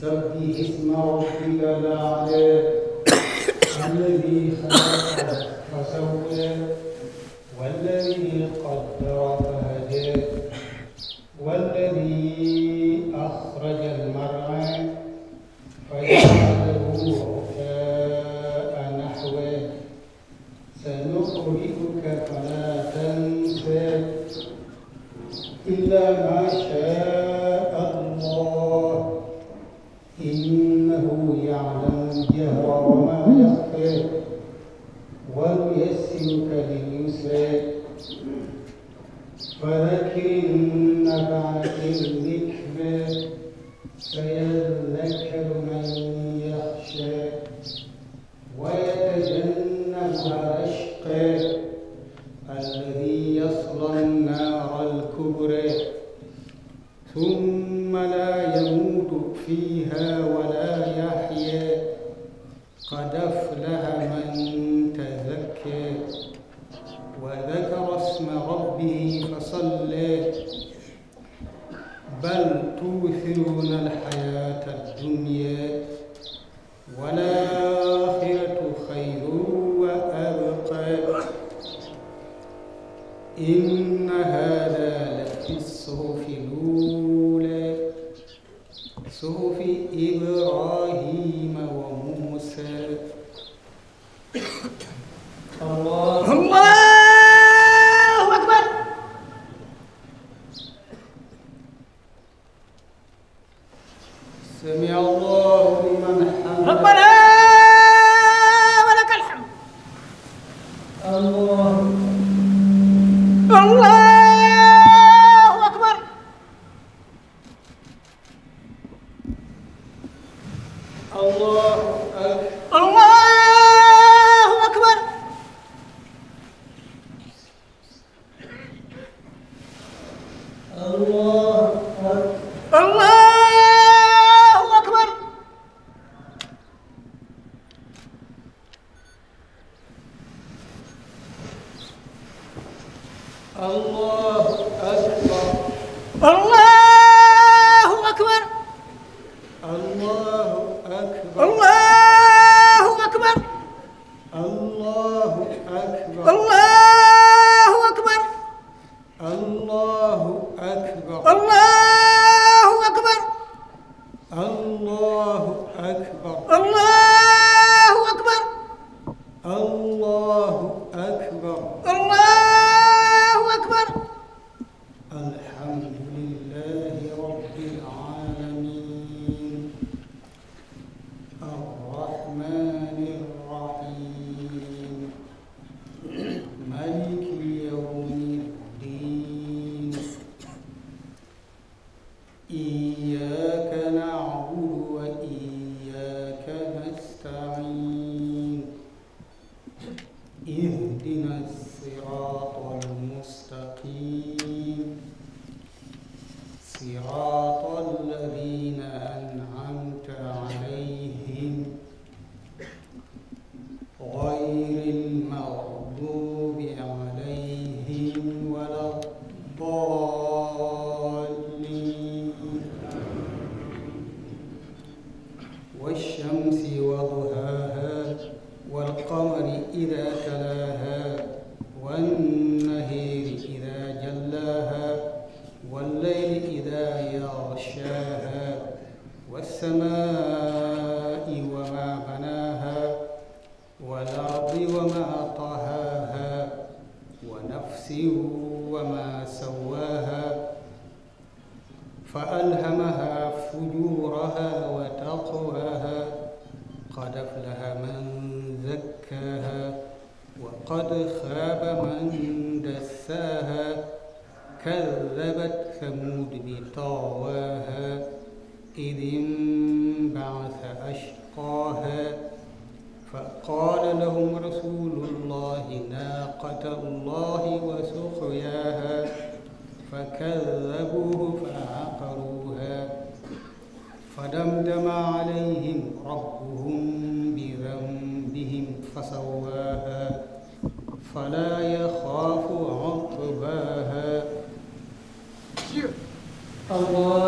سبح اسم ربك الأعلى الذي خلق فسوى والذي قدر فهدى والذي أخرج المرعى إنه يعلم الجهر وما يخفى ونيسرك لليسرى فذكر إن نفعت الذكرى سيذكر قد أفلح من تزكى وذكر اسم ربه فصلى بل توثرون الحياة الدنيا والآخرة خير وأبقى إن هذا لفي الصحف الأولى صحف إبراهيم Allah والأرض وما طهاها ونفس وما سواها فألهمها فجورها وتقواها قد أفلح من زكاها وقد خاب من دساها كذبت ثمود بطغواها إذ انبعث أشقاها فقال لهم رسول الله ناقة الله وسقياها فكذبوه فعقروها فدمدم عليهم ربهم بذنبهم فسواها فلا يخاف عقباها الله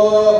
الله